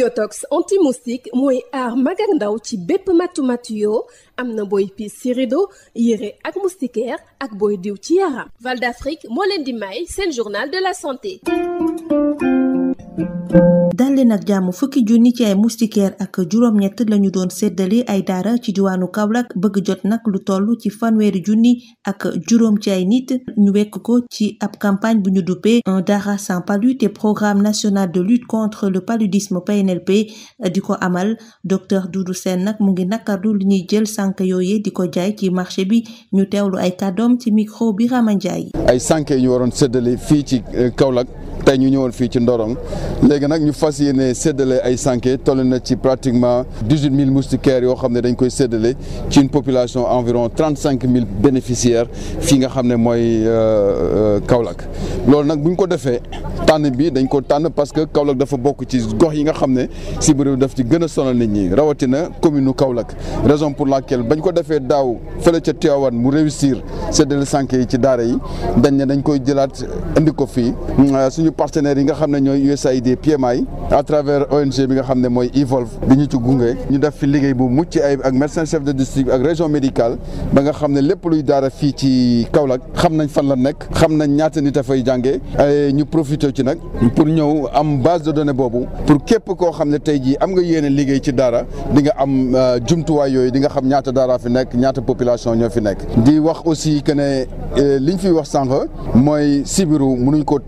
yotox anti-moustique mooy aar mag ndaw ci bépp matu-matu yoo am na booy piis ci rido yére ak moustiquaire ak booy diw ci yaram Val d'Afrique moo leen di may seen journal de la santé dalli nag jàmm fukki junni ci ay moustiquaire ak juróom-ñett lañu doon séddale ay daara ci diwaanu Kaolack bëgg jot nag lu toll ci fanweeri junni ak juróom ci ay nit ñu wekk ko ci ab campagne bu ñu duppee un Dahra sans palu te programme national de lutte contre le paludisme PNLP di ko amal docteur Doudou Sène nag mu ngi nakardu li ñuy jël sànq yooyee di ko jaay ci marché bi ñu teewlu ay kàddoom ci micro bi Rama Ndiaye ay sànq yu waroon séddale fii ci euh, Kaolack tey ñu ñëwoon fii ci Ndorong léegi nag ñu fas yéene séddale ay sànke toll na ci pratiquement dix huit mille moustiquaires yoo xam ne dañ koy séddale ci une population environ trente cinq mille bénéficiaires fii nga xam ne mooy euh, euh, Kaolack. loolu nag bu ko defee tànn bi dañ ko tànn parce que Kaolack dafa bokk ci gox yi nga xam ne si bi daf ci gën a sonal nit ñi rawatina commune nu raison pour la laquelle bañ ko defee daaw fële ca Tivaouane mu réussir seddale sànke yi ci daara yi dañ dañ koy jëlaat indi ko fii partenaires yi nga xam ne ñooy USAID PMI à travers ONG bi nga xam ne mooy Evolve bi ñu ci gunge ñu def fi liggéey bu mucc ayib ak médecin chef de district ak région médicale ba nga xam ne lépp luy daara fii ci Kaolack xam nañ fan la nekk xam nañ ñaata nit a fay jàngee ñu profité ci nag pour ñëw am base de données boobu pour képp koo xam ne tey jii am nga yéene liggéey ci daara dinga nga am euh, jumtuwaay yooyu di nga xam ñaata daara fi nekk ñaata population ñoo fi nekk di wax aussi que ne euh, liñ wax sànq mooy sibiru mënuñ ko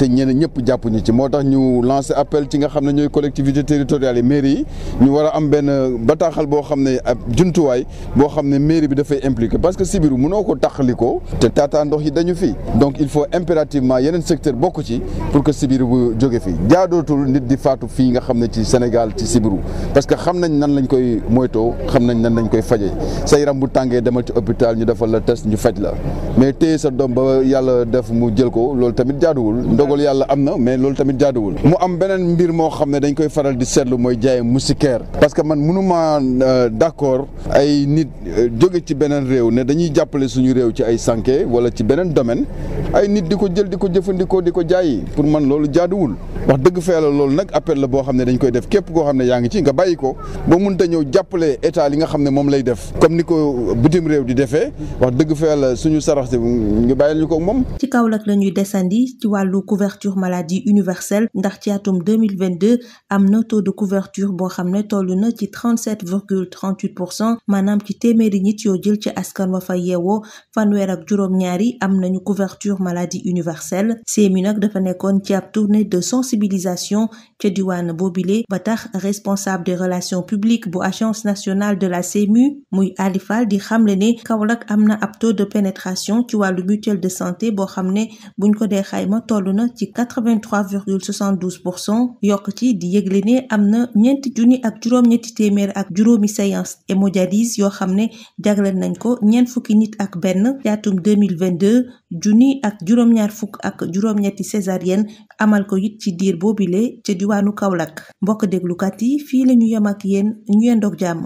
te ñeneen ñëpp jàppuñu ci moo tax ñu lancé appel ci nga xam ne ñooy collectivités territoriales yi mairie yi ñu war a am benn bataaxal boo xam ne ab jumtuwaay boo xam ne mairie bi dafay impliqué parce que Sibiru munoo ko taxalikoo te taataa ndox yi dañu fi donc il faut impérativement yeneen secteur bokk ci pour que Sibiru bu joge fi jaadootul nit di faatu fii nga xam ne ci Sénégal ci Sibiru parce que xam nañ nan lañ koy moytoo xam nañ nan lañ koy fajee sa bu tàngee demal ci hôpital ñu defal la test ñu faj la mais téye sa doom ba yàlla def mu jël ko loolu tamit jaaduwul dogal yàlla am na mais loolu tamit jaaduwul mu am beneen mbir moo xam ne dañ koy faral di seetlu mooy jaay moustiquaire parce que man mënuma euh, d'accord ay nit euh, jóge ci beneen réew ne dañuy jàppale suñu réew ci ay sànke wala ci beneen domaine ay nit di ko jël di ko jëfandikoo di ko jaayi pour man loolu jaaduwul wax dëgg fa yàlla loolu nag appel la boo xam ne dañ koy def képp koo xam ne yaa ngi ci nga bàyyi ko ba mënta ñëw jàppale état li nga xam ne moom lay def comme ni ko bitim réew di defee wax dëgg fa yàlla suñu sarax si ñu bàyyil ñu ko moom. ci Kaolack la ñuy desandi ci wàllu couverture maladie universelle ndax ci atum 2022 am na taux de couverture boo xam ne toll na ci 37 virgule 38 pour cent maanaam ci téeméeri nit yoo jël ci askan wa fa yeewoo fanweer ak juróom-ñaari am nañu couverture maladie universelle CMU nag dafa nekkoon ci sensibilisation ca diwaan boobile ba tax responsable des relations publiques bu agence nationale de la CMU muy alifal di xamle ne Kaolack am na ab taux de pénétration ci wàllu mutuelle de santé boo xam ne buñ ko dee xayma toll na ci 83 virgule 72 pour cent yokk ci di yëgle ne am na ñeenti junni ak juróom-ñetti téeméer ak juróomi séance hémodialyse yoo xam ne jagleel nañ ko ñeent fukki nit ak benn jaatum 2022 junni ak juróom-ñaar ak juróom-ñetti césarienne amal ko it ci diir diir boobile ca diwaanu Kaolack mbokk déglukat yi fii la ñu yem ak yéen ñu yendoog jàmm.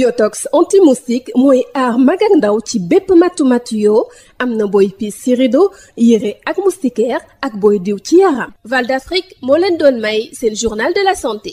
yotox anti-moustique mooy aar mag ndaw ci bépp matu-matu yoo am na booy piis ci rido yére ak moustiquaire ak booy diw ci yaram. Val d'Afrique moo leen doon may seen journal de la santé.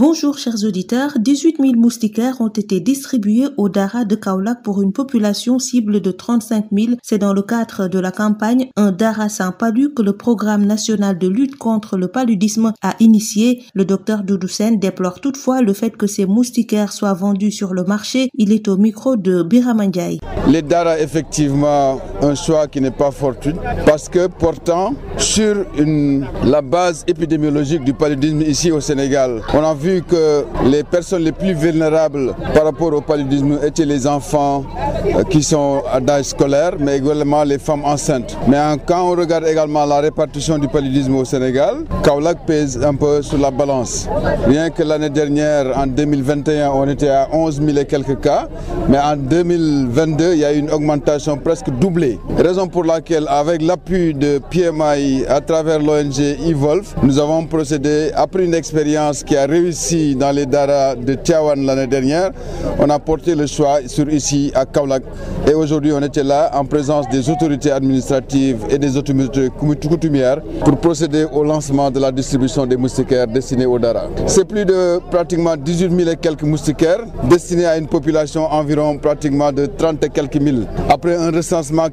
Bonjour chers auditeurs, 18 000 moustiquaires ont été distribués au Dara de Kaolack pour une population cible de 35 000. C'est dans le cadre de la campagne Un Dara national de lutte contre le paludisme a initié. Le docteur Doudou Sène déplore toutefois le fait que ces moustiquaires soient vendus sur le marché. Il est au micro de Ndiaye. un choix qui n'est pas fortuit parce que portant sur une, la base épidémiologique du paludisme ici au Sénégal, on a vu que les personnes les par rapport au paludisme étaient les enfants euh, qui sont d'âge mais également les femmes enceintes. Mais quand on regarde également la répartition du paludisme au Sénégal, Kaolack pèse un peu balance. Rien que l'année dernière, en 2021, on était à 11 000 et quelques cas, mais en 2022, il y a eu une augmentation presque développé. Raison pour laquelle, avec l'appui de PMI à travers l'ONG Evolve, nous avons procédé, après une expérience qui a réussi dans les Dara de Tiawan l'année dernière, on a porté le choix sur ici à Kaulak. Et aujourd'hui, on était là en présence des autorités administratives et des autorités coutumières pour procéder au lancement de la distribution des moustiquaires destinés aux Dara. C'est plus de pratiquement 18 000 et quelques moustiquaires destinés à une population environ pratiquement de 30 et quelques mille. Après un recensement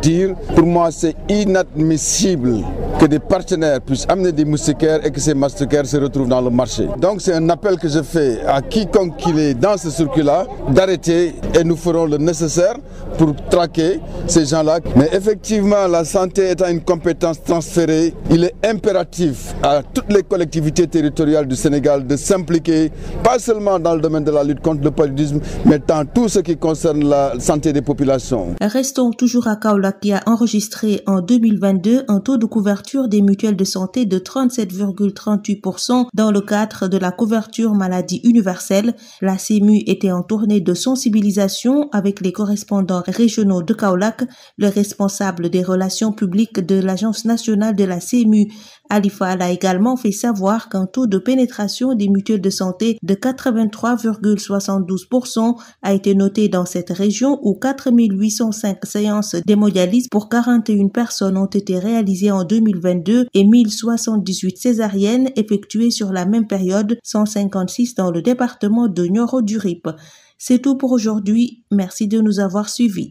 dire, pour moi, c'est inadmissible que des partenaires puissent amener des moustiquaires et que ces moustiquaires se retrouvent dans le marché. Donc c'est un appel que je fais à quiconque qu'il est dans ce circuit-là d'arrêter et nous ferons le nécessaire pour traquer ces gens-là. Mais effectivement, la santé compétence transférée, il est impératif à toutes les collectivités territoriales du Sénégal de s'impliquer, pas seulement dans le domaine de la lutte contre le paludisme, mais dans tout ce qui concerne la santé des populations. qui a enregistré en 2022 un taux de couverture des mutuelles de santé de 37,38% dans le cadre de la couverture maladie universelle. La CEMU était en tournée de sensibilisation avec les correspondants régionaux de Kaolac, le responsable des relations publiques de l'Agence nationale de la CEMU Alifa a également fait savoir qu'un taux de pénétration des mutuelles de santé de 83,72% a été noté dans cette région où 4805 séances d'hémodialyse pour 41 personnes ont été réalisées en 2022 et 1078 césariennes effectuées sur la même période, dans le département de nioro C'est tout pour aujourd'hui. Merci de nous avoir suivis.